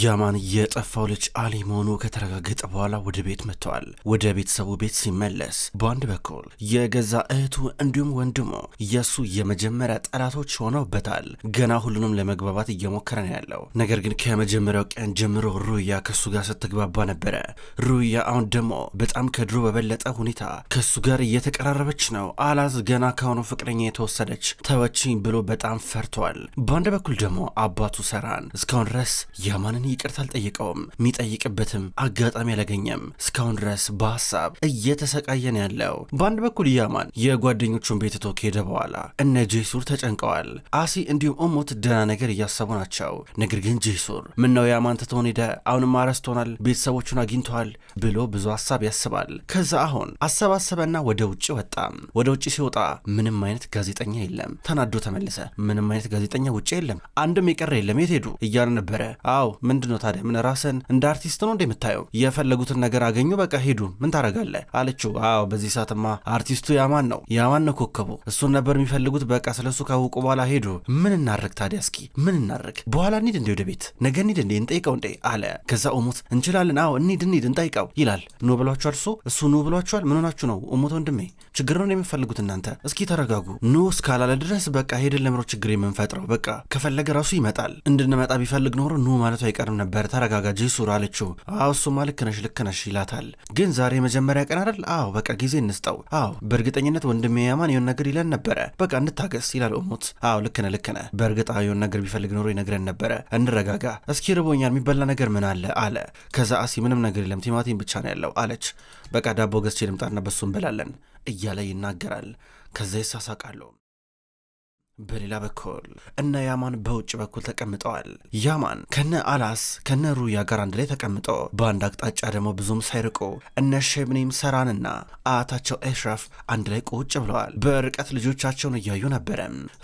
ያማን የጠፋው ልጅ አሊ መሆኑ ከተረጋገጠ በኋላ ወደ ቤት መጥተዋል። ወደ ቤተሰቡ ቤት ሲመለስ በአንድ በኩል የገዛ እህቱ እንዲሁም ወንድሙ የእሱ የመጀመሪያ ጠላቶች ሆነውበታል። ገና ሁሉንም ለመግባባት እየሞከረ ነው ያለው። ነገር ግን ከመጀመሪያው ቀን ጀምሮ ሩያ ከሱ ጋር ስትግባባ ነበረ። ሩያ አሁን ደግሞ በጣም ከድሮ በበለጠ ሁኔታ ከእሱ ጋር እየተቀራረበች ነው። አላዝ ገና ከሆነ ፍቅረኛ የተወሰደች ተወችኝ ብሎ በጣም ፈርቷል። በአንድ በኩል ደግሞ አባቱ ሰራን እስካሁን ድረስ ያማን ዮሐንን ይቅርታ አልጠየቀውም። የሚጠይቅበትም አጋጣሚ አላገኘም። እስካሁን ድረስ በሀሳብ እየተሰቃየን ያለው በአንድ በኩል ያማን የጓደኞቹን ቤት ትቶ ከሄደ በኋላ እነ ጄሱር ተጨንቀዋል። አሲ እንዲሁም እሙት ደህና ነገር እያሰቡ ናቸው። ነገር ግን ጄሱር ምነው ያማን ትቶን ሄደ፣ አሁንም አረስቶናል፣ ቤተሰቦቹን አግኝተዋል ብሎ ብዙ ሀሳብ ያስባል። ከዛ አሁን አሰባሰበና ወደ ውጭ ወጣ። ወደ ውጭ ሲወጣ ምንም አይነት ጋዜጠኛ የለም። ተናዶ ተመለሰ። ምንም አይነት ጋዜጠኛ ውጭ የለም፣ አንድም የቀረ የለም፣ የት ሄዱ እያለ ነበረ። አዎ ምንድን ነው ታዲያ? ምን ራስን እንደ አርቲስት ነው እንደ የምታየው? የፈለጉትን ነገር አገኙ፣ በቃ ሄዱ፣ ምን ታደርጋለህ አለችው። አዎ በዚህ ሰዓትማ አርቲስቱ ያማን ነው፣ ያማን ነው ኮከቡ፣ እሱን ነበር የሚፈልጉት። በቃ ስለሱ ካወቁ በኋላ ሄዱ። ምን እናድርግ ታዲያ? እስኪ ምን እናድርግ? በኋላ እንሂድ እንዴ? ወደ ቤት ነገ እንሂድ እንዴ? እንጠይቀው እንዴ አለ። ከዛ እሙት እንችላለን፣ አዎ እንሂድ፣ እንሂድ፣ እንጠይቀው ይላል። ኑ ብሏችኋል፣ እሱ እሱ ኑ ብሏችኋል። ምን ሆናችሁ ነው? እሙት ወንድሜ ችግር ነው የሚፈልጉት እናንተ እስኪ ተረጋጉ። ኑ እስካላለ ድረስ በቃ ሄደን ለምሮ ችግር የምንፈጥረው በቃ ከፈለገ ራሱ ይመጣል። እንድንመጣ ቢፈልግ ኖሮ ኑ ማለቱ አይቀርም ነበር ተረጋጋጂ ሱር አለችው። አዎ እሱማ ልክ ነሽ ልክ ነሽ ይላታል። ግን ዛሬ የመጀመሪያ ቀን አይደል? አዎ በቃ ጊዜ እንስጠው። አዎ በእርግጠኝነት ወንድሜ ያማን የሆን ነገር ይለን ነበረ። በቃ እንታገስ ይላል ኦሞት። አዎ ልክ ነህ ልክ ነህ። በእርግጥ የሆን ነገር ቢፈልግ ኖሮ ይነግረን ነበረ። እንረጋጋ እስኪ ርቦኛል፣ የሚበላ ነገር ምን አለ አለ። ከዛ አሲ ምንም ነገር የለም ቲማቲም ብቻ ነው ያለው አለች። በቃ ዳቦ ገዝቼ ልምጣና በሱ እንበላለን እያለ ይናገራል። ከዛ ይሳሳቃለሁ። በሌላ በኩል እነ ያማን በውጭ በኩል ተቀምጠዋል። ያማን ከነ አላስ ከነ ሩያ ጋር አንድ ላይ ተቀምጦ በአንድ አቅጣጫ ደግሞ ብዙም ሳይርቁ እነ ሼብኔም ሰራንና አያታቸው ኤሽራፍ አንድ ላይ ቁጭ ብለዋል። በርቀት ልጆቻቸውን እያዩ ነበረ።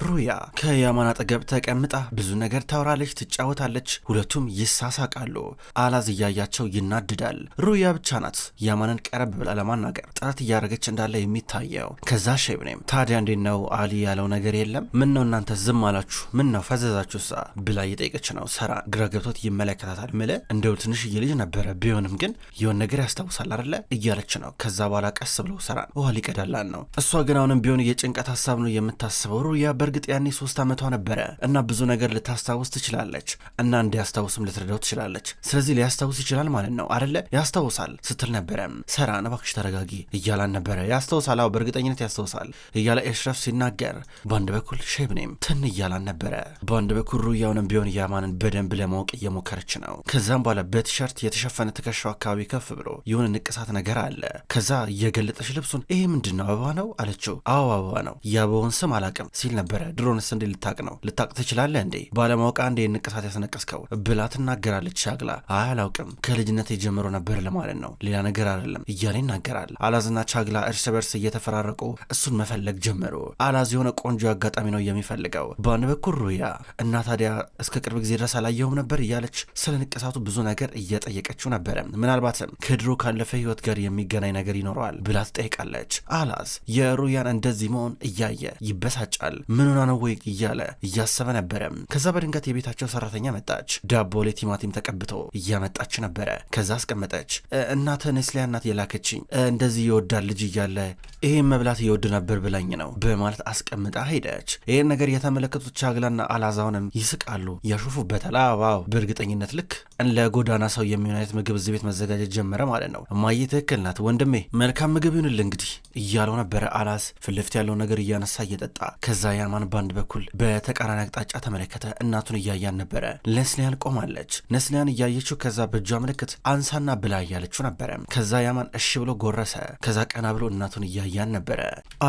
ሩያ ከያማን አጠገብ ተቀምጣ ብዙ ነገር ታወራለች፣ ትጫወታለች። ሁለቱም ይሳሳቃሉ። አላዝ እያያቸው ይናድዳል። ሩያ ብቻ ናት ያማንን ቀረብ ብላ ለማናገር ጥረት እያደረገች እንዳለ የሚታየው። ከዛ ሸብኔም ታዲያ እንዴት ነው አሊ ያለው ነገር የለም ምን ነው እናንተ ዝም አላችሁ? ምን ነው ፈዘዛችሁ ሳ ብላ እየጠየቀች ነው። ሰራ ግራ ገብቶት ይመለከታታል። ምለ እንደው ትንሽዬ ልጅ ነበረ ቢሆንም ግን የሆን ነገር ያስታውሳል አይደለ? እያለች ነው። ከዛ በኋላ ቀስ ብለው ሰራን ውሃ ሊቀዳላን ነው። እሷ ግን አሁንም ቢሆን የጭንቀት ሀሳብ ነው የምታስበው። ሩያ በእርግጥ ያኔ ሶስት ዓመቷ ነበረ እና ብዙ ነገር ልታስታውስ ትችላለች እና እንዲያስታውስም ልትረዳው ትችላለች። ስለዚህ ሊያስታውስ ይችላል ማለት ነው አይደለ? ያስታውሳል ስትል ነበረ። ሰራ እባክሽ ተረጋጊ እያላን ነበረ። ያስታውሳል፣ አዎ በእርግጠኝነት ያስታውሳል እያለ ኤሽረፍ ሲናገር በአንድ በኩል ሼብኔም ትን እያላን ነበረ። በአንድ በኩል ሩያውንም ቢሆን ያማንን በደንብ ለማወቅ እየሞከረች ነው። ከዛም በኋላ በቲሸርት የተሸፈነ ትከሻው አካባቢ ከፍ ብሎ የሆነ ንቅሳት ነገር አለ። ከዛ እየገለጠች ልብሱን ይሄ ምንድን ነው አበባ ነው አለችው። አዎ አበባ ነው፣ የአበባውን ስም አላቅም ሲል ነበረ። ድሮንስ እንዴ ልታቅ ነው ልታቅ ትችላለህ እንዴ ባለማወቅ አንድ ንቅሳት ያስነቀስከው ብላ ትናገራለች። ሻግላ አይ አላውቅም ከልጅነት የጀምሮ ነበር ለማለት ነው ሌላ ነገር አይደለም እያለ ይናገራል። አላዝና ቻግላ እርስ በርስ እየተፈራረቁ እሱን መፈለግ ጀመሩ። አላዝ የሆነ ቆንጆ አጋጣሚ ነው ነው የሚፈልገው። በአንድ በኩል ሩያ እና ታዲያ እስከ ቅርብ ጊዜ ድረስ አላየውም ነበር እያለች ስለ ንቅሳቱ ብዙ ነገር እየጠየቀችው ነበረ። ምናልባትም ከድሮ ካለፈ ህይወት ጋር የሚገናኝ ነገር ይኖረዋል ብላ ትጠይቃለች። አላዝ የሩያን እንደዚህ መሆን እያየ ይበሳጫል። ምንና ነው ወይ እያለ እያሰበ ነበረ። ከዛ በድንገት የቤታቸው ሰራተኛ መጣች። ዳቦ ላይ ቲማቲም ተቀብቶ እያመጣች ነበረ። ከዛ አስቀመጠች። እናተ ኔስሊያ እናት የላከችኝ እንደዚህ ይወዳል ልጅ እያለ ይህም መብላት እየወድ ነበር ብላኝ ነው በማለት አስቀምጣ ሄደች። ይህን ነገር የተመለከቱት ቻግላና አላዛውንም ይስቃሉ፣ ያሾፉበታል። አባው በእርግጠኝነት ልክ ለጎዳና ሰው የሚሆን አይነት ምግብ እዚህ ቤት መዘጋጀት ጀመረ ማለት ነው። እማዬ ትክክል ናት ወንድሜ፣ መልካም ምግብ ይሁንል እንግዲህ እያለው ነበረ። አላዝ ፍልፍት ያለውን ነገር እያነሳ እየጠጣ ከዛ ያማን በአንድ በኩል በተቃራኒ አቅጣጫ ተመለከተ። እናቱን እያያን ነበረ። ነስሊያን ቆማለች። ነስሊያን እያየችው ከዛ በእጇ ምልክት አንሳና ብላ እያለችው ነበረ። ከዛ ያማን እሺ ብሎ ጎረሰ። ከዛ ቀና ብሎ እናቱን እያያን ነበረ።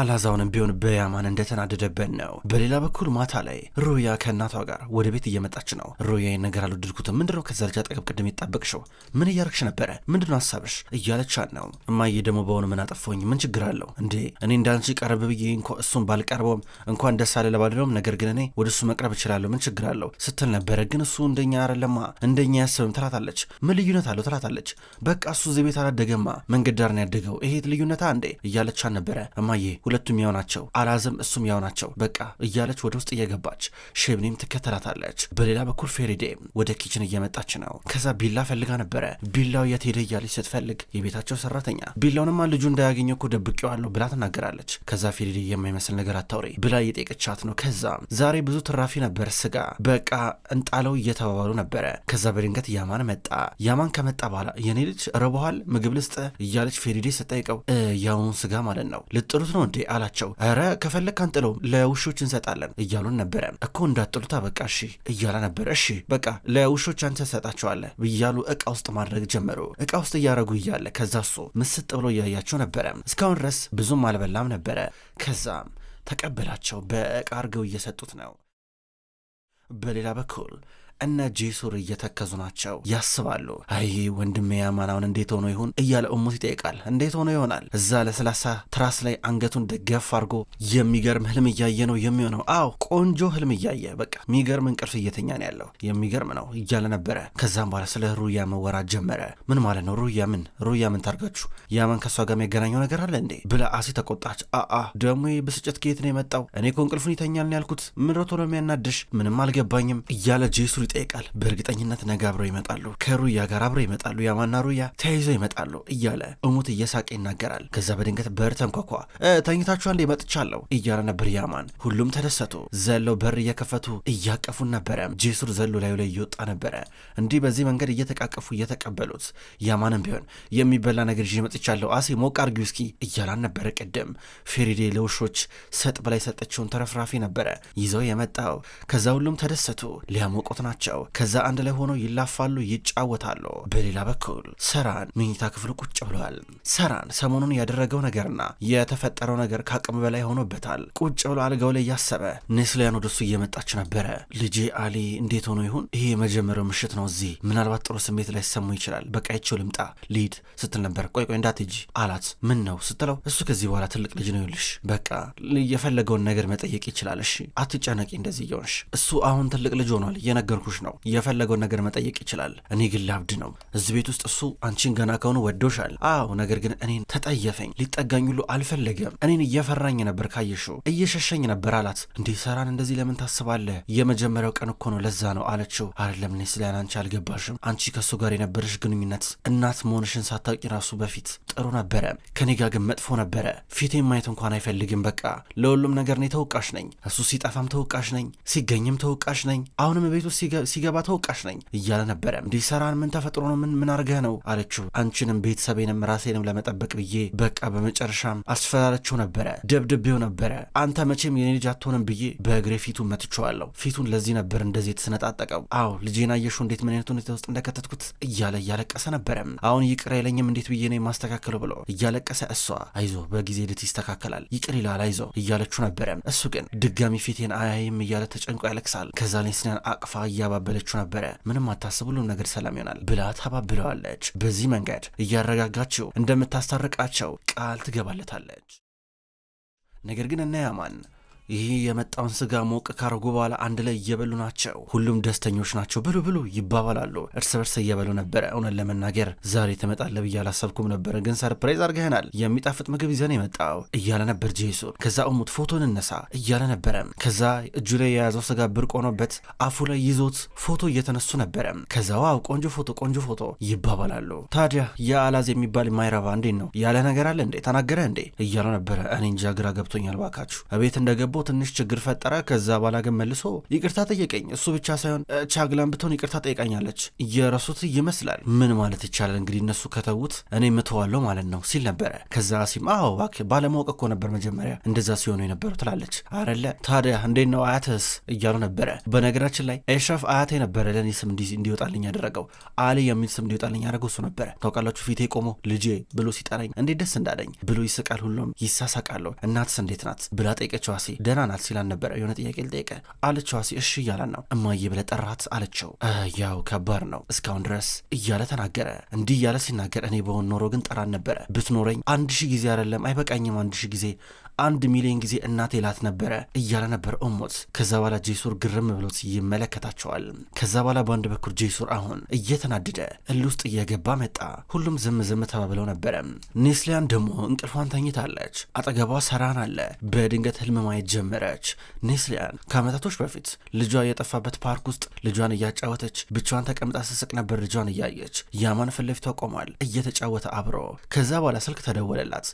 አላዛውንም ቢሆን በያማን እንደተናደደበት ነው። በሌላ በኩል ማታ ላይ ሩያ ከእናቷ ጋር ወደ ቤት እየመጣች ነው። ሩያ ነገር አልወደድኩትም። ምንድነው ከዛ ልጅ አጠገብ ቅድም የጣበቅሽው? ምን እያረግሽ ነበረ? ምንድነው ሀሳብሽ? እያለቻት ነው። እማዬ ደግሞ በሆነ ምን አጠፋሁኝ? ምን ችግር አለው እንዴ? እኔ እንዳንቺ ቀረብ ብዬ እንኳ እሱን ባልቀርበውም እንኳን ደስ አለ ነገር ግን እኔ ወደ እሱ መቅረብ እችላለሁ። ምን ችግር አለው ስትል ነበረ። ግን እሱ እንደኛ አይደለማ፣ እንደኛ ያስብም ትላታለች። ምን ልዩነት አለው ትላታለች። በቃ እሱ እዚህ ቤት አላደገማ፣ መንገድ ዳር ነው ያደገው። ይሄ ልዩነታ እንዴ? እያለቻት ነበረ። እማዬ ሁለቱም ያው ናቸው። አላዝም እሱም ያው ናቸው። በቃ እያለች ወደ ውስጥ እየገባች ሼብኒም ትከተላታለች። በሌላ በኩል ፌሪዴ ወደ ኪችን እየመጣች ነው። ከዛ ቢላ ፈልጋ ነበረ። ቢላው የት ሄደ እያለች ስትፈልግ የቤታቸው ሰራተኛ ቢላውንማ ልጁ እንዳያገኘ እኮ ደብቄዋለሁ ብላ ትናገራለች። ከዛ ፌሪዴ የማይመስል ነገር አታውሬ ብላ እየጠየቀቻት ነው። ከዛ ዛሬ ብዙ ትራፊ ነበር ስጋ በቃ እንጣለው እየተባባሉ ነበረ። ከዛ በድንገት ያማን መጣ። ያማን ከመጣ በኋላ የኔ ልጅ ረበኋል ምግብ ልስጥ እያለች ፌሪዴ ስጠይቀው ያውኑን ስጋ ማለት ነው ልጥሉት ነው እንዴ አላቸው። ረ ከፈለግ አንጥለውም ለውሾች እንሰጣለን እያሉን ነበረ እኮ እንዳጥሉታ በቃ እሺ እያለ ነበረ። እሺ በቃ ለውሾች አንተ ሰጣቸዋለ ብያሉ እቃ ውስጥ ማድረግ ጀመሩ። እቃ ውስጥ እያረጉ እያለ ከዛ እሱ ምስጥ ብሎ እያያቸው ነበረ። እስካሁን ድረስ ብዙም አልበላም ነበረ። ከዛም ተቀበላቸው በእቃ አድርገው እየሰጡት ነው። በሌላ በኩል እነ ጄሱር እየተከዙ ናቸው ያስባሉ። አይ ወንድሜ ያማናውን እንዴት ሆኖ ይሁን እያለ እሙት ይጠይቃል። እንዴት ሆኖ ይሆናል? እዛ ለስላሳ ትራስ ላይ አንገቱን ደገፍ አድርጎ የሚገርም ህልም እያየ ነው የሚሆነው። አዎ ቆንጆ ህልም እያየ በቃ የሚገርም እንቅልፍ እየተኛ ነው ያለው የሚገርም ነው እያለ ነበረ። ከዛም በኋላ ስለ ሩያ መወራት ጀመረ። ምን ማለት ነው? ሩያ ምን ሩያ ምን ታርጋችሁ? ያማን ከእሷ ጋር የሚያገናኘው ነገር አለ እንዴ ብላ አሴ ተቆጣች። አአ ደግሞ ብስጭት ከየት ነው የመጣው? እኔ እኮ እንቅልፉን ይተኛል ያልኩት ምሮቶ ነው የሚያናድሽ? ምንም አልገባኝም እያለ ጄሱር ይጠይቃል። በእርግጠኝነት ነገ አብረው ይመጣሉ፣ ከሩያ ጋር አብረው ይመጣሉ፣ ያማና ሩያ ተያይዘው ይመጣሉ እያለ እሙት እየሳቀ ይናገራል። ከዛ በድንገት በር ተንኳኳ። ተኝታችሁ አንዴ መጥቻለሁ እያለ ነበር ያማን። ሁሉም ተደሰቱ። ዘለው በር እየከፈቱ እያቀፉን ነበረ። ጄሱር ዘሎ ላዩ ላይ እየወጣ ነበረ። እንዲህ በዚህ መንገድ እየተቃቀፉ እየተቀበሉት ያማንም ቢሆን የሚበላ ነገር ይዤ መጥቻለሁ አሴ ሞቅ አርጊ እስኪ እያላን ነበረ። ቅድም ፌሪዴ ለውሾች ሰጥ በላይ ሰጠችውን ተረፍራፊ ነበረ ይዘው የመጣው። ከዛ ሁሉም ተደሰቱ። ሊያሞቁት ናቸው ናቸው። ከዛ አንድ ላይ ሆነው ይላፋሉ፣ ይጫወታሉ። በሌላ በኩል ሰራን መኝታ ክፍሉ ቁጭ ብሏል። ሰራን ሰሞኑን ያደረገው ነገርና የተፈጠረው ነገር ከአቅም በላይ ሆኖበታል። ቁጭ ብሎ አልጋው ላይ እያሰበ ኔስሊያን ወደሱ እየመጣች ነበረ። ልጄ አሊ እንዴት ሆኖ ይሁን? ይሄ የመጀመሪያው ምሽት ነው እዚህ። ምናልባት ጥሩ ስሜት ላይ ሰሙ ይችላል። በቃይቸው ልምጣ ሊድ ስትል ነበር። ቆይ ቆይ እንዳትሄጂ አላት። ምን ነው ስትለው እሱ ከዚህ በኋላ ትልቅ ልጅ ነው ይልሽ፣ በቃ የፈለገውን ነገር መጠየቅ ይችላለሽ። አትጨነቂ እንደዚህ እየሆንሽ እሱ አሁን ትልቅ ልጅ ሆኗል እየነገርኩ እያልኩሽ ነው። የፈለገውን ነገር መጠየቅ ይችላል። እኔ ግን ላብድ ነው። እዚህ ቤት ውስጥ እሱ አንቺን ገና ከሆኑ ወዶሻል። አዎ፣ ነገር ግን እኔን ተጠየፈኝ። ሊጠጋኝ ሁሉ አልፈለገም። እኔን እየፈራኝ ነበር፣ ካየሽው እየሸሸኝ ነበር አላት። እንዴ ሰራን፣ እንደዚህ ለምን ታስባለህ? የመጀመሪያው ቀን እኮ ነው፣ ለዛ ነው አለችው። አይደለም እኔ ስለ አንቺ አልገባሽም። አንቺ ከእሱ ጋር የነበረሽ ግንኙነት እናት መሆንሽን ሳታውቂ ራሱ በፊት ጥሩ ነበረ፣ ከኔ ጋር ግን መጥፎ ነበረ። ፊቴን ማየት እንኳን አይፈልግም። በቃ ለሁሉም ነገር እኔ ተወቃሽ ነኝ። እሱ ሲጠፋም ተወቃሽ ነኝ፣ ሲገኝም ተወቃሽ ነኝ። አሁንም ቤት ውስጥ ሲገ ሲገባ ተወቃሽ ነኝ እያለ ነበረ። እንዲህ ሰራን ምን ተፈጥሮ ነው? ምን ምን አርገህ ነው አለችው። አንቺንም ቤተሰቤንም ራሴንም ለመጠበቅ ብዬ በቃ በመጨረሻም አስፈራረችው ነበረ፣ ደብድቤው ነበረ። አንተ መቼም የኔ ልጅ አትሆንም ብዬ በእግሬ ፊቱን መትቼዋለሁ። ፊቱን ለዚህ ነበር እንደዚህ የተሰነጣጠቀው። አዎ ልጄን አየሽው እንዴት ምን አይነት ሁኔታ ውስጥ እንደከተትኩት እያለ እያለቀሰ ነበረ። አሁን ይቅር አይለኝም እንዴት ብዬ ነው የማስተካከለው ብሎ እያለቀሰ እሷ አይዞ በጊዜ ልት ይስተካከላል ይቅር ይላል አይዞ እያለችው ነበረ። እሱ ግን ድጋሚ ፊቴን አያይም እያለ ተጨንቆ ያለቅሳል። ከዛ ላይ አቅፋ እያ እያባበለችው ነበረ። ምንም አታስብ፣ ሁሉም ነገር ሰላም ይሆናል ብላ ታባብለዋለች። በዚህ መንገድ እያረጋጋችው እንደምታስታርቃቸው ቃል ትገባለታለች። ነገር ግን እነ ያማን ይህ የመጣውን ስጋ ሞቅ ካረጉ በኋላ አንድ ላይ እየበሉ ናቸው። ሁሉም ደስተኞች ናቸው። ብሉ ብሉ ይባባላሉ። እርስ በርስ እየበሉ ነበረ። እውነት ለመናገር ዛሬ ትመጣለህ ብዬ አላሰብኩም ነበረ፣ ግን ሰርፕራይዝ አድርገህናል። የሚጣፍጥ ምግብ ይዘን የመጣው እያለ ነበር ጄሱን። ከዛ እሙት ፎቶን እነሳ እያለ ነበረ። ከዛ እጁ ላይ የያዘው ስጋ ብርቅ ሆኖበት አፉ ላይ ይዞት ፎቶ እየተነሱ ነበረ። ከዛ ዋው ቆንጆ ፎቶ ቆንጆ ፎቶ ይባባላሉ። ታዲያ የአላዝ የሚባል የማይረባ እንዴት ነው ያለ ነገር አለ እንዴ? ተናገረ እንዴ? እያለ ነበረ። እኔ እንጃ ግራ ገብቶኛል። ባካችሁ እቤት እንደገቡ ትንሽ ችግር ፈጠረ። ከዛ በኋላ ግን መልሶ ይቅርታ ጠየቀኝ። እሱ ብቻ ሳይሆን ቻግላን ብትሆን ይቅርታ ጠይቃኛለች። እየረሱት ይመስላል። ምን ማለት ይቻላል እንግዲህ እነሱ ከተዉት እኔ ምተዋለሁ ማለት ነው ሲል ነበረ። ከዛ ሲም አዎ እባክህ ባለማወቅ እኮ ነበር መጀመሪያ እንደዛ ሲሆኑ የነበሩ ትላለች። አረለ ታዲያ እንዴት ነው አያትስ እያሉ ነበረ። በነገራችን ላይ ኤሽራፍ አያቴ ነበረ ለእኔ ስም እንዲወጣልኝ ያደረገው አሊ የሚል ስም እንዲወጣልኝ ያደረገው እሱ ነበረ። ታውቃላችሁ ፊቴ ቆሞ ልጄ ብሎ ሲጠራኝ እንዴት ደስ እንዳለኝ ብሎ ይስቃል፣ ሁሉም ይሳሳቃለሁ። እናትስ እንዴት ናት ብላ ጠይቀችው አሴ ደህና ናት ሲላን ነበረ። የሆነ ጥያቄ ልጠየቀ አለችው። አሲ እሺ እያላን ነው። እማዬ ብለህ ጠራት አለችው። ያው ከባድ ነው እስካሁን ድረስ እያለ ተናገረ። እንዲህ እያለ ሲናገር እኔ በሆን ኖሮ ግን ጠራን ነበረ ብትኖረኝ አንድ ሺህ ጊዜ አይደለም አይበቃኝም አንድ ሺህ ጊዜ አንድ ሚሊዮን ጊዜ እናቴ ላት ነበረ እያለ ነበር እሙት። ከዛ በኋላ ጄሱር ግርም ብሎት ይመለከታቸዋል። ከዛ በኋላ በአንድ በኩል ጄሱር አሁን እየተናደደ እል ውስጥ እየገባ መጣ። ሁሉም ዝም ዝም ተባብለው ነበረ። ኔስሊያን ደግሞ እንቅልፏን ተኝታለች። አጠገቧ ሰራን አለ። በድንገት ህልም ማየት ጀመረች። ኔስሊያን ከአመታቶች በፊት ልጇ የጠፋበት ፓርክ ውስጥ ልጇን እያጫወተች ብቻዋን ተቀምጣ ስስቅ ነበር ልጇን እያየች። ያማን ፊት ለፊቷ ቆሟል እየተጫወተ አብሮ። ከዛ በኋላ ስልክ ተደወለላት።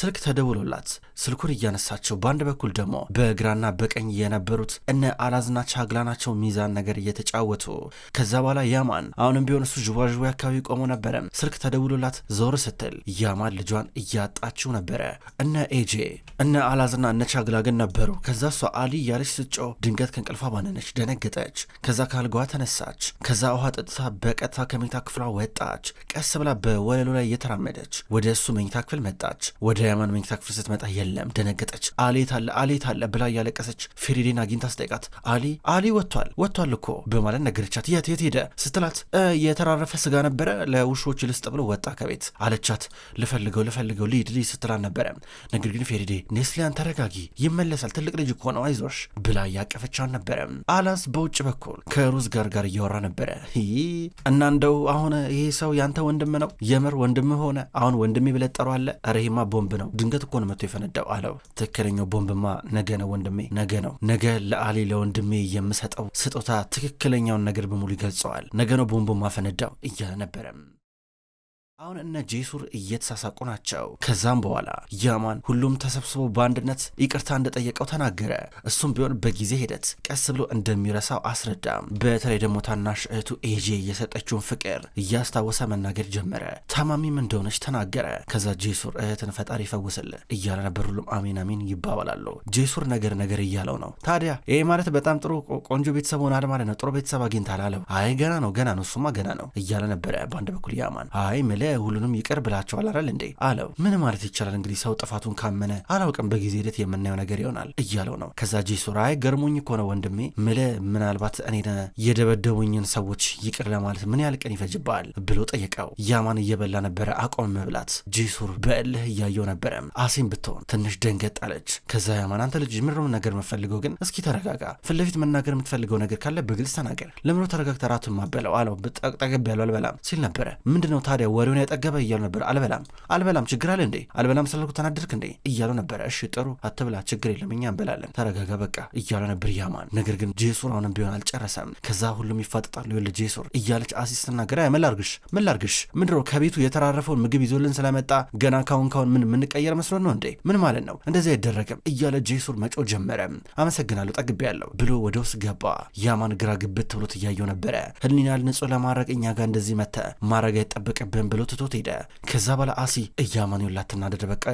ስልክ ተደውሎላት ስልኩ ራሳቸውን እያነሳቸው በአንድ በኩል ደግሞ በግራና በቀኝ የነበሩት እነ አላዝና ቻግላ ናቸው ሚዛን ነገር እየተጫወቱ። ከዛ በኋላ ያማን አሁንም ቢሆን እሱ ዥዋዥዌ አካባቢ ቆሞ ነበረ። ስልክ ተደውሎላት ዞር ስትል ያማን ልጇን እያጣችው ነበረ። እነ ኤጄ እነ አላዝና እነ ቻግላ ግን ነበሩ። ከዛ እሷ አሊ እያለች ስጮ ድንገት ከእንቅልፏ ባነነች፣ ደነገጠች። ከዛ ካልጓ ተነሳች። ከዛ ውሃ ጠጥታ በቀጥታ ከመኝታ ክፍሏ ወጣች። ቀስ ብላ በወለሉ ላይ እየተራመደች ወደ እሱ መኝታ ክፍል መጣች። ወደ ያማን መኝታ ክፍል ስትመጣ የለም ደነገጠች። አሌት አለ አሌት አለ ብላ እያለቀሰች ፌሬዴን አግኝታ ስጠይቃት አሊ አሊ ወጥቷል ወጥቷል እኮ በማለት ነገረቻት። የት የት ሄደ ስትላት የተራረፈ ስጋ ነበረ ለውሾች ልስጥ ብሎ ወጣ ከቤት አለቻት። ልፈልገው ልፈልገው ልሂድ ልሂድ ስትላት ነበረ። ነገር ግን ፌሬዴ ኔስሊያን ተረጋጊ፣ ይመለሳል ትልቅ ልጅ እኮ ነው አይዞሽ ብላ እያቀፈቻን ነበረ። አላስ በውጭ በኩል ከሩዝ ጋር ጋር እያወራ ነበረ። እና እንደው አሁን ይሄ ሰው ያንተ ወንድም ነው የምር ወንድም ሆነ አሁን ወንድም ይብለጠሩ አለ ረሂማ ቦምብ ነው ድንገት እኮ ነው መጥቶ የፈነዳው አለው። ትክክለኛው ቦምብማ ነገ ነው ወንድሜ፣ ነገ ነው። ነገ ለአሊ ለወንድሜ የምሰጠው ስጦታ ትክክለኛውን ነገር በሙሉ ይገልጸዋል። ነገ ነው ቦምብማ ፈነዳው እያለ ነበረም። አሁን እነ ጄሱር እየተሳሳቁ ናቸው። ከዛም በኋላ ያማን ሁሉም ተሰብስቦ በአንድነት ይቅርታ እንደጠየቀው ተናገረ። እሱም ቢሆን በጊዜ ሂደት ቀስ ብሎ እንደሚረሳው አስረዳም። በተለይ ደግሞ ታናሽ እህቱ ኤጄ እየሰጠችውን ፍቅር እያስታወሰ መናገር ጀመረ። ታማሚም እንደሆነች ተናገረ። ከዛ ጄሱር እህትን ፈጣሪ ይፈውስል እያለ ነበር። ሁሉም አሜን አሜን ይባባላሉ። ጄሱር ነገር ነገር እያለው ነው። ታዲያ ይህ ማለት በጣም ጥሩ ቆንጆ ቤተሰብ ሆናል ማለት ነው። ጥሩ ቤተሰብ አግኝታል አለው። አይ ገና ነው ገና ነው እሱማ ገና ነው እያለ ነበረ። በአንድ በኩል ያማን አይ ምልህ ሁሉንም ይቅር ብላቸዋል አላል እንዴ አለው። ምን ማለት ይቻላል እንግዲህ ሰው ጥፋቱን ካመነ አላውቅም፣ በጊዜ ሂደት የምናየው ነገር ይሆናል እያለው ነው። ከዛ ጄሱር አይ ገርሞኝ እኮ ነው ወንድሜ ምለ ምናልባት እኔ የደበደቡኝን ሰዎች ይቅር ለማለት ምን ያህል ቀን ይፈጅብሃል ብሎ ጠየቀው። ያማን እየበላ ነበረ፣ አቆም መብላት። ጄሱር በእልህ እያየው ነበረ። አሴም ብትሆን ትንሽ ደንገጥ አለች። ከዛ ያማን አንተ ልጅ ምንም ነገር የምፈልገው ግን እስኪ ተረጋጋ፣ ፊት ለፊት መናገር የምትፈልገው ነገር ካለ በግልጽ ተናገር። ለምሮ ተረጋግተህ ራቱን ማበለው አለው። ጠቅጠቅብ ያለው አልበላም ሲል ነበረ። ምንድነው ታዲያ ወሬውን ምን ያጠገበ እያሉ ነበር። አልበላም አልበላም፣ ችግር አለ እንዴ? አልበላም ስላልኩ ተናደርክ እንዴ? እያሉ ነበረ። እሺ ጥሩ አትብላ፣ ችግር የለም እኛ እንበላለን፣ ተረጋጋ በቃ እያሉ ነበር ያማን። ነገር ግን ጄሱር አሁንም ቢሆን አልጨረሰም። ከዛ ሁሉም ይፋጠጣሉ። ይኸውልህ ጄሱር እያለች አሲስ ትናገር። ምን ላርግሽ ምን ላርግሽ ምንድነው ከቤቱ የተራረፈውን ምግብ ይዞልን ስለመጣ ገና ካሁን ካሁን ምን የምንቀየር መስሎን ነው እንዴ? ምን ማለት ነው? እንደዚህ አይደረግም እያለ ጄሱር መጮ ጀመረ። አመሰግናለሁ ጠግቤ ያለው ብሎ ወደ ውስጥ ገባ። ያማን ግራ ግብት ብሎት እያየው ነበረ። ህሊናል ንጹህ ለማድረግ እኛ ጋር እንደዚህ መተ ማድረግ አይጠበቅብን ብሎ ብሎ ትቶት ሄደ። ከዛ በላ አሲ እያማኑላ ትናደድ። በቃ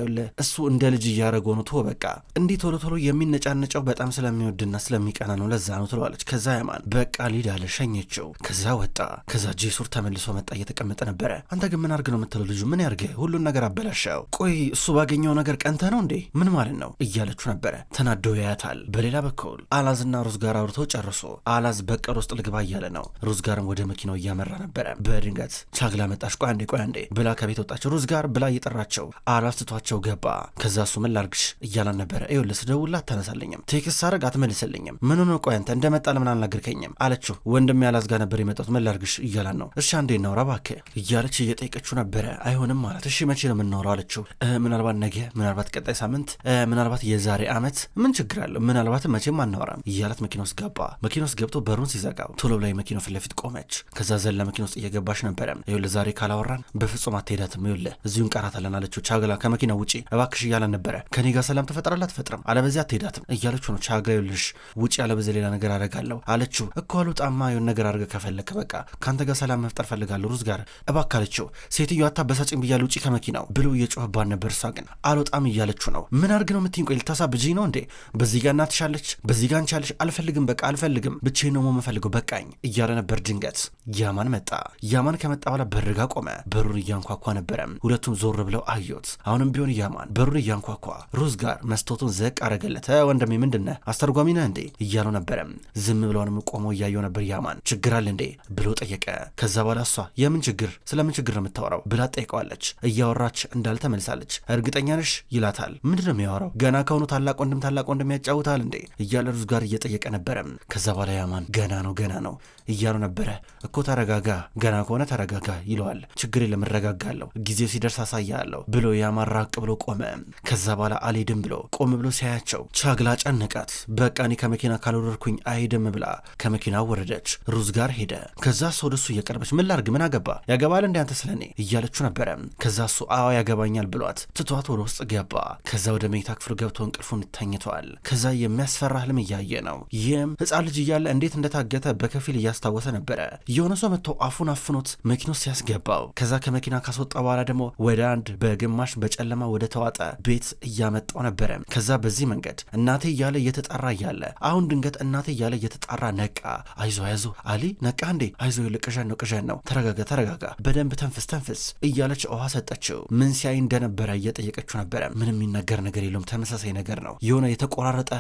እሱ እንደ ልጅ እያደረገ ነው። ትሆ በቃ እንዲህ ቶሎ ቶሎ የሚነጫነጨው በጣም ስለሚወድና ስለሚቀና ነው። ለዛ ነው ትለዋለች። ከዛ ያማን በቃ ሊድ አለ ሸኘችው። ከዛ ወጣ። ከዛ ጄሱር ተመልሶ መጣ። እየተቀመጠ ነበረ። አንተ ግን ምን አርግ ነው የምትለው? ልጁ ምን ያርገ? ሁሉን ነገር አበላሻው። ቆይ እሱ ባገኘው ነገር ቀንተ ነው እንዴ? ምን ማለት ነው? እያለችው ነበረ። ተናዶ ያያታል። በሌላ በኩል አላዝና ሩዝ ጋር አውርተው ጨርሶ አላዝ በቀር ውስጥ ልግባ እያለ ነው። ሩዝ ጋርም ወደ መኪናው እያመራ ነበረ። በድንገት ቻግላ መጣሽ። ቆይ አንዴ ቆይ አንዴ ብላ ከቤት ወጣቸው። ሩዝ ጋር ብላ እየጠራቸው አላስትቷቸው ገባ። ከዛ እሱ ምን ላርግሽ እያላን ነበረ። ይኸውልህ ስደውልልህ አታነሳለኝም፣ ቴክስ ሳደርግ አትመልስልኝም። ምን ሆነ? ቆይ አንተ እንደመጣ ለምን አልናገርከኝም? አለችው። ወንድም አላዝ ጋር ነበር የመጣሁት ምን ላርግሽ እያላን ነው። እሺ አንዴ እናውራ እባክህ እያለች እየጠየቀችው ነበረ። አይሆንም ማለት እሺ መቼ ነው የምናውራው? አለችው። ምናልባት ነገ፣ ምናልባት ቀጣይ ሳምንት፣ ምናልባት የዛሬ አመት፣ ምን ችግር አለው? ምናልባትም መቼም አናወራም እያላት መኪና ውስጥ ገባ። መኪና ውስጥ ገብቶ በሩን ሲዘጋው ቶሎ ብላ መኪናው ፊት ለፊት ቆመች። ከዛ ዘላ መኪና ውስጥ እየገባች ነበረ። ይው ለዛሬ ካላወራን በፍጹም አትሄዳትም፣ ይኸውልህ እዚሁ እንቀራታለን አለችው። ቻግላ ከመኪና ውጪ እባክሽ እያለን ነበረ። ከኔ ጋር ሰላም ትፈጥራል አትፈጥርም፣ አለበዚያ አትሄዳትም እያለችው ነው። ቻግላ ይልሽ ውጪ፣ አለበዚያ ሌላ ነገር አደርጋለሁ አለችው። እኮ አሉ ጣማ የሆነ ነገር አድርገህ ከፈለክ በቃ ከአንተ ጋር ሰላም መፍጠር ፈልጋለሁ ሩዝ ጋር እባክህ አለችው። ሴትዮ አታበሳጭኝ ብያለሁ ውጪ ከመኪናው ብሎ እየጮኸባን ነበር። እሷ ግን አልወጣም እያለችው ነው። ምን አድርግ ነው የምትይኝ? ቆይ ልታሳብጂኝ ነው እንዴ? በዚህ ጋር እናትሻለች፣ በዚህ ጋር እንቻለች። አልፈልግም በቃ አልፈልግም፣ ብቼ ነው መፈልገው በቃኝ እያለ ነበር። ድንገት ያማን መጣ። ያማን ከመጣ በኋላ በርጋ ቆመ። በሩን እያንኳኳ ነበረ። ሁለቱም ዞር ብለው አዩት። አሁንም ቢሆን ያማን በሩን እያንኳኳ ሩዝ ጋር መስቶቱን ዘቅ አረገለተ። ወንድሜ ምንድነ አስተርጓሚ ነህ እንዴ እያለው ነበረ። ዝም ብለውንም ቆሞ እያየው ነበር። ያማን ችግር አለ እንዴ ብሎ ጠየቀ። ከዛ በኋላ እሷ የምን ችግር ስለምን ችግር ነው የምታወራው ብላ ጠይቀዋለች። እያወራች እንዳል ተመልሳለች። እርግጠኛ ነሽ ይላታል። ምንድን ነው የሚያወራው ገና ከሆኑ ታላቅ ወንድም ታላቅ ወንድም ያጫውታል እንዴ እያለ ሩዝ ጋር እየጠየቀ ነበረ። ከዛ በኋላ ያማን ገና ነው ገና ነው እያሉ ነበረ። እኮ ተረጋጋ፣ ገና ከሆነ ተረጋጋ ይለዋል። ችግር የለም እረጋጋለሁ፣ ጊዜው ሲደርስ አሳያለሁ ብሎ ያማራ ራቅ ብሎ ቆመ። ከዛ በኋላ አልሄድም ብሎ ቆም ብሎ ሲያያቸው ቻግላ ጨነቃት። በቃ እኔ ከመኪና ካልወረድኩኝ አይሄድም ብላ ከመኪና ወረደች። ሩዝ ጋር ሄደ። ከዛ ሰው ወደሱ እየቀረበች ምን ላርግ ምን አገባ ያገባል እንደ አንተ ስለኔ እያለችው ነበረ። ከዛ እሱ አዎ ያገባኛል ብሏት ትቷት ወደ ውስጥ ገባ። ከዛ ወደ መኝታ ክፍሉ ገብቶ እንቅልፉን ተኝተዋል። ከዛ የሚያስፈራ ህልም እያየ ነው። ይህም ህፃን ልጅ እያለ እንዴት እንደታገተ በከፊል እያስታወሰ ነበረ። የሆነ ሰው መጥቶ አፉን አፍኖት መኪኖ ሲያስገባው ከዛ ከመኪና ካስወጣ በኋላ ደግሞ ወደ አንድ በግማሽ በጨለማ ወደ ተዋጠ ቤት እያመጣው ነበረ። ከዛ በዚህ መንገድ እናቴ እያለ እየተጣራ እያለ አሁን ድንገት እናቴ እያለ እየተጣራ ነቃ። አይዞ አይዞ አሊ ነቃ እንዴ አይዞ ልቅዣን ነው ቅዣን ነው ተረጋጋ ተረጋጋ በደንብ ተንፍስ ተንፍስ እያለች ውሃ ሰጠችው። ምን ሲያይ እንደነበረ እየጠየቀችው ነበረ። ምንም የሚነገር ነገር የለውም ተመሳሳይ ነገር ነው የሆነ የተቆራረጠ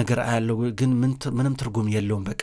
ነገር አያለው፣ ግን ምንም ትርጉም የለውም። በቃ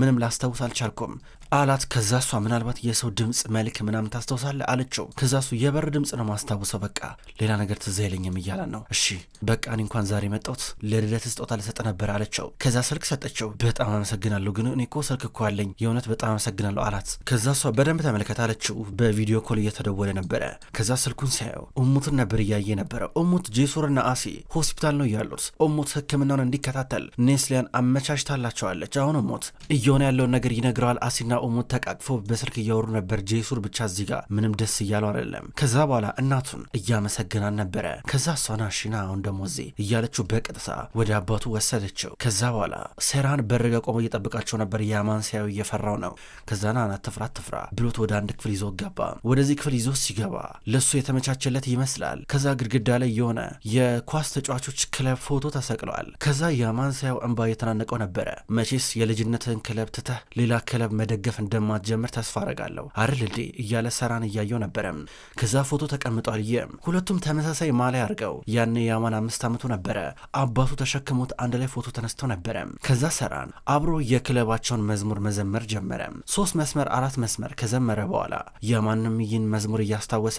ምንም ላስታውስ አልቻልኩም። አላት። ከዛ እሷ ምናልባት የሰው ድምፅ መልክ ምናምን ታስታውሳለህ አለችው። ከዛ እሱ የበር ድምፅ ነው ማስታውሰው፣ በቃ ሌላ ነገር ትዝ አይለኝም እያላን ነው። እሺ በቃ እኔ እንኳን ዛሬ መጣሁት ለልደት ስጦታ ልሰጥ ነበር አለችው። ከዛ ስልክ ሰጠችው። በጣም አመሰግናለሁ፣ ግን እኔ እኮ ስልክ እኮ አለኝ፣ የእውነት በጣም አመሰግናለሁ አላት። ከዛ እሷ በደንብ ተመልከት አለችው። በቪዲዮ ኮል እየተደወለ ነበረ። ከዛ ስልኩን ሲያየው እሙትን ነበር እያየ ነበረ። እሙት ጄሱርና አሴ ሆስፒታል ነው ያሉት። እሙት ህክምናውን እንዲከታተል ኔስሊያን አመቻችታላቸዋለች። አሁን እሙት እየሆነ ያለውን ነገር ይነግረዋል አሲና ኦሞት ተቃቅፎ በስልክ እያወሩ ነበር። ጄሱር ብቻ እዚህ ጋር ምንም ደስ እያለው አይደለም። ከዛ በኋላ እናቱን እያመሰገናን ነበረ። ከዛ እሷና ሽና አሁን ደግሞ እዚህ እያለችው በቀጥታ ወደ አባቱ ወሰደችው። ከዛ በኋላ ሴራን በረገ ቆሞ እየጠብቃቸው ነበር። ያማን ሲያዩ እየፈራው ነው። ከዛ ና አትፍራ አትፍራ ብሎት ወደ አንድ ክፍል ይዞ ገባ። ወደዚህ ክፍል ይዞ ሲገባ ለሱ የተመቻቸለት ይመስላል። ከዛ ግድግዳ ላይ የሆነ የኳስ ተጫዋቾች ክለብ ፎቶ ተሰቅለዋል። ከዛ ያማን ሲያዩ እንባ እየተናነቀው ነበረ። መቼስ የልጅነትን ክለብ ትተህ ሌላ ክለብ መደገፍ መደገፍ እንደማትጀምር ተስፋ አረጋለሁ አይደል እንዴ እያለ ሰራን እያየው ነበረም። ከዛ ፎቶ ተቀምጧል። ይም ሁለቱም ተመሳሳይ ማሊያ አድርገው ያኔ የአማን አምስት ዓመቱ ነበረ አባቱ ተሸክሞት አንድ ላይ ፎቶ ተነስተው ነበረ። ከዛ ሰራን አብሮ የክለባቸውን መዝሙር መዘመር ጀመረ። ሶስት መስመር አራት መስመር ከዘመረ በኋላ የማንም ይህን መዝሙር እያስታወሰ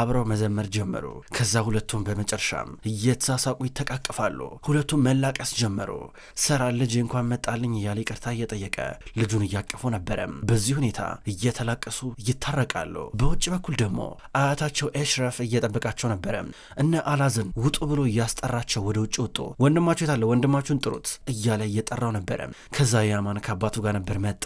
አብረው መዘመር ጀመሩ። ከዛ ሁለቱም በመጨረሻም እየተሳሳቁ ይተቃቅፋሉ። ሁለቱም መላቀስ ጀመሩ። ሰራን ልጅ እንኳን መጣልኝ እያለ ይቅርታ እየጠየቀ ልጁን እያቀፉ ነበረ። በዚህ ሁኔታ እየተላቀሱ ይታረቃሉ። በውጭ በኩል ደግሞ አያታቸው ኤሽረፍ እየጠበቃቸው ነበረ። እነ አላዝን ውጡ ብሎ እያስጠራቸው ወደ ውጭ ወጡ። ወንድማችሁ የታለ? ወንድማችሁን ጥሩት እያለ እየጠራው ነበረ። ከዛ ያማን ከአባቱ ጋር ነበር መጣ።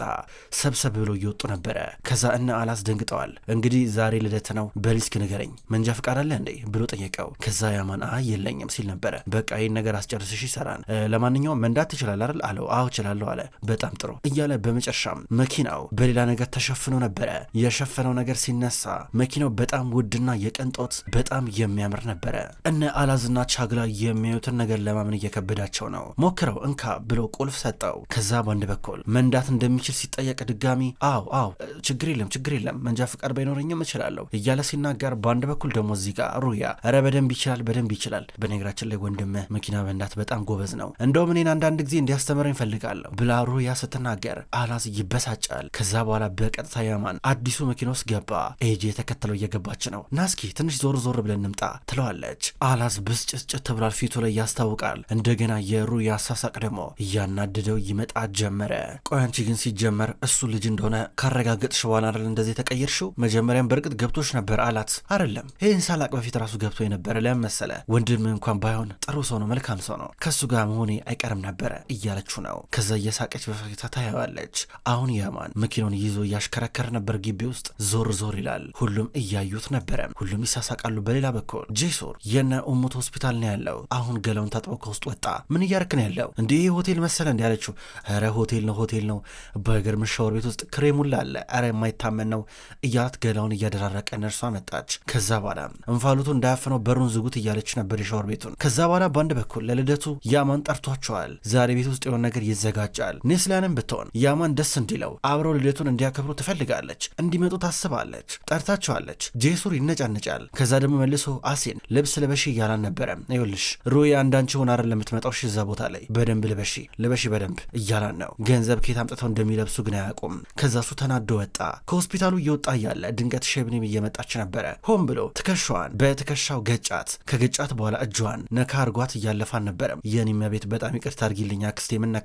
ሰብሰብ ብሎ እየወጡ ነበረ። ከዛ እነ አላዝ ደንግጠዋል። እንግዲህ ዛሬ ልደት ነው፣ በሊስክ ንገረኝ፣ መንጃ ፍቃድ አለ እንዴ ብሎ ጠየቀው። ከዛ ያማን አይ የለኝም ሲል ነበረ። በቃ ይህን ነገር አስጨርስሽ ይሰራን፣ ለማንኛውም መንዳት ትችላል አይደል አለው። አዎ እችላለሁ አለ። በጣም ጥሩ እያለ በመጨረሻም መኪና መኪናው በሌላ ነገር ተሸፍኖ ነበረ። የሸፈነው ነገር ሲነሳ መኪናው በጣም ውድና የቅንጦት በጣም የሚያምር ነበረ። እነ አላዝና ቻግላ የሚያዩትን ነገር ለማመን እየከበዳቸው ነው። ሞክረው እንካ ብሎ ቁልፍ ሰጠው። ከዛ በአንድ በኩል መንዳት እንደሚችል ሲጠየቅ ድጋሚ አው አው ችግር የለም ችግር የለም መንጃ ፍቃድ ባይኖረኝም እችላለሁ እያለ ሲናገር፣ በአንድ በኩል ደግሞ እዚህ ጋ ሩያ ረ በደንብ ይችላል በደንብ ይችላል። በነገራችን ላይ ወንድምህ መኪና መንዳት በጣም ጎበዝ ነው። እንደውም እኔን አንዳንድ ጊዜ እንዲያስተምረኝ ፈልጋለሁ ብላ ሩያ ስትናገር አላዝ ይበሳጫል። ይመጣል። ከዛ በኋላ በቀጥታ ያማን አዲሱ መኪና ውስጥ ገባ። ኤጄ ተከተለው እየገባች ነው። ናስኪ ትንሽ ዞር ዞር ብለን ንምጣ ትለዋለች። አላዝ ብስጭትጭት ተብሏል፣ ፊቱ ላይ ያስታውቃል። እንደገና የሩ ያሳሳቅ ደግሞ እያናደደው ይመጣ ጀመረ። ቆያንቺ ግን ሲጀመር እሱ ልጅ እንደሆነ ካረጋገጥሽ በኋላ አይደል እንደዚህ የተቀየርሽው? መጀመሪያም በእርግጥ ገብቶች ነበር አላት። አይደለም ይህን ሳላቅ በፊት ራሱ ገብቶ የነበረ ለምን መሰለ? ወንድም እንኳን ባይሆን ጥሩ ሰው ነው፣ መልካም ሰው ነው፣ ከእሱ ጋር መሆኔ አይቀርም ነበረ እያለችው ነው። ከዛ እየሳቀች በፈገግታ ታየዋለች። አሁን ያማን መኪናዋን። መኪናውን ይዞ እያሽከረከረ ነበር ግቢ ውስጥ ዞር ዞር ይላል። ሁሉም እያዩት ነበረ። ሁሉም ይሳሳቃሉ። በሌላ በኩል ጄሶር የነ ኡሙት ሆስፒታል ነው ያለው። አሁን ገላውን ታጥቦ ከውስጥ ወጣ። ምን እያርክ ነው ያለው? እንዲህ ሆቴል መሰለ እንዲ ያለችው። ኧረ ሆቴል ነው ሆቴል ነው። በእግር ምሻወር ቤት ውስጥ ክሬሙላ አለ። ኧረ የማይታመን ነው እያላት ገላውን እያደራረቀ ነርሷ መጣች። ከዛ በኋላ እንፋሉቱ እንዳያፍነው በሩን ዝጉት እያለች ነበር የሻወር ቤቱን። ከዛ በኋላ በአንድ በኩል ለልደቱ ያማን ጠርቷቸዋል። ዛሬ ቤት ውስጥ የሆነ ነገር ይዘጋጃል። ኔስሊያንም ብትሆን ያማን ደስ እንዲለው አብረው ልደቱን እንዲያከብሩ ትፈልጋለች፣ እንዲመጡ ታስባለች፣ ጠርታቸዋለች። ጄሱር ይነጫነጫል። ከዛ ደግሞ መልሶ አሴን ልብስ ልበሺ እያላን ነበረ። ይኸውልሽ ሩዬ አንዳንቺ ሆን አረ ለምትመጣው እሺ፣ እዛ ቦታ ላይ በደንብ ልበሺ ልበሺ በደንብ እያላን ነው። ገንዘብ ኬት አምጥተው እንደሚለብሱ ግን አያውቁም። ከዛ እሱ ተናዶ ወጣ። ከሆስፒታሉ እየወጣ እያለ ድንገት ሼብኔም እየመጣች ነበረ። ሆን ብሎ ትከሻዋን በትከሻው ገጫት። ከገጫት በኋላ እጇን ነካ አርጓት እያለፋን ነበረ። የኔ እመቤት በጣም ይቅርታ አድርጊልኝ አክስቴ፣ ምን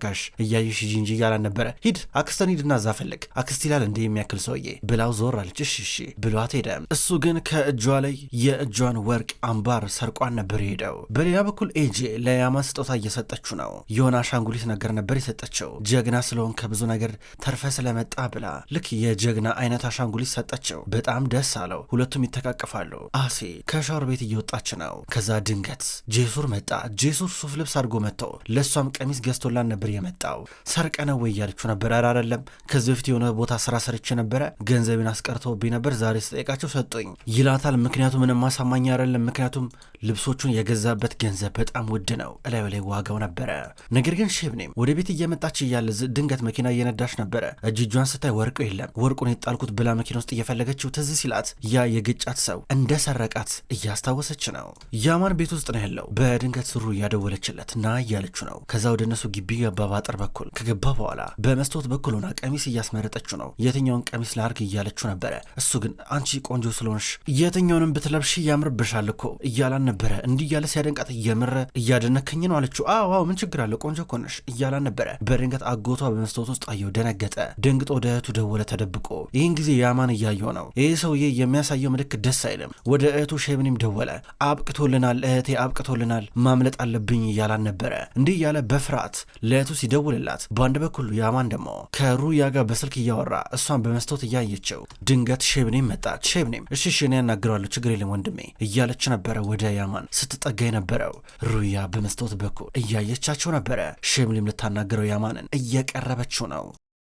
እያየሽ ጂንጂ እያላን ነበረ። ሂድ አክስተን ሂድና ዛፈ ስለምትፈልግ አክስቲላል ይላል እንዲህ የሚያክል ሰውዬ ብላው ዞር አለች። እሺ ብሏት ሄደ። እሱ ግን ከእጇ ላይ የእጇን ወርቅ አምባር ሰርቋን ነበር ሄደው። በሌላ በኩል ኤጄ ለያማ ስጦታ እየሰጠችው ነው። የሆነ አሻንጉሊት ነገር ነበር የሰጠችው። ጀግና ስለሆን ከብዙ ነገር ተርፈ ስለመጣ ብላ ልክ የጀግና አይነት አሻንጉሊት ሰጠችው። በጣም ደስ አለው። ሁለቱም ይተቃቀፋሉ። አሴ ከሻወር ቤት እየወጣች ነው። ከዛ ድንገት ጄሱር መጣ። ጄሱር ሱፍ ልብስ አድርጎ መጥተው ለእሷም ቀሚስ ገዝቶላን ነበር የመጣው። ሰርቀ ነው ወይ እያለችው ነበር። አራረለም ከዚ በፊት የሆነ ቦታ ስራ ሰርቼ ነበረ፣ ገንዘቤን አስቀርተውብኝ ነበር፣ ዛሬ ስጠይቃቸው ሰጡኝ ይላታል። ምክንያቱም ምንም ማሳማኝ አይደለም። ምክንያቱም ልብሶቹን የገዛበት ገንዘብ በጣም ውድ ነው፣ እላዩ ላይ ዋጋው ነበረ። ነገር ግን ሼብኔም ወደ ቤት እየመጣች እያለ ድንገት መኪና እየነዳች ነበረ። እጅ እጇን ስታይ ወርቁ የለም፣ ወርቁን የጣልኩት ብላ መኪና ውስጥ እየፈለገችው ትዝ ሲላት ያ የግጫት ሰው እንደሰረቃት እያስታወሰች ነው። ያማን ቤት ውስጥ ነው ያለው። በድንገት ስሩ እያደወለችለት ና እያለችው ነው። ከዛ ወደ እነሱ ግቢ ገባ። በአጥር በኩል ከገባ በኋላ በመስታወት በኩል ሆና ቀሚስ እያ እያስመረጠችው ነው። የትኛውን ቀሚስ ላርግ እያለችው ነበረ። እሱ ግን አንቺ ቆንጆ ስለሆንሽ የትኛውንም ብትለብሽ ያምርብሻል እኮ እያላን ነበረ። እንዲህ እያለ ሲያደንቃት እየምር እያደነከኝ ነው አለችው። አዎ ምን ችግር አለ ቆንጆ እኮ ነሽ እያላን ነበረ። በድንገት አጎቷ በመስታወት ውስጥ አየው፣ ደነገጠ። ደንግጦ ወደ እህቱ ደወለ ተደብቆ። ይህን ጊዜ ያማን እያየው ነው። ይህ ሰውዬ የሚያሳየው ምልክት ደስ አይልም። ወደ እህቱ ሼብኒም ደወለ። አብቅቶልናል እህቴ አብቅቶልናል፣ ማምለጥ አለብኝ እያላን ነበረ። እንዲህ እያለ በፍርሃት ለእህቱ ሲደውልላት፣ በአንድ በኩል ያማን ደግሞ ከሩያ ጋር በስልክ እያወራ እሷን በመስታወት እያየችው ድንገት ሼብኔም መጣች። ሼብኔም እሺ እሺ ያናግረዋለሁ ችግር የለም ወንድሜ እያለች ነበረ ወደ ያማን ስትጠጋ የነበረው። ሩያ በመስታወት በኩል እያየቻቸው ነበረ። ሼብኔም ልታናግረው ያማንን እየቀረበችው ነው።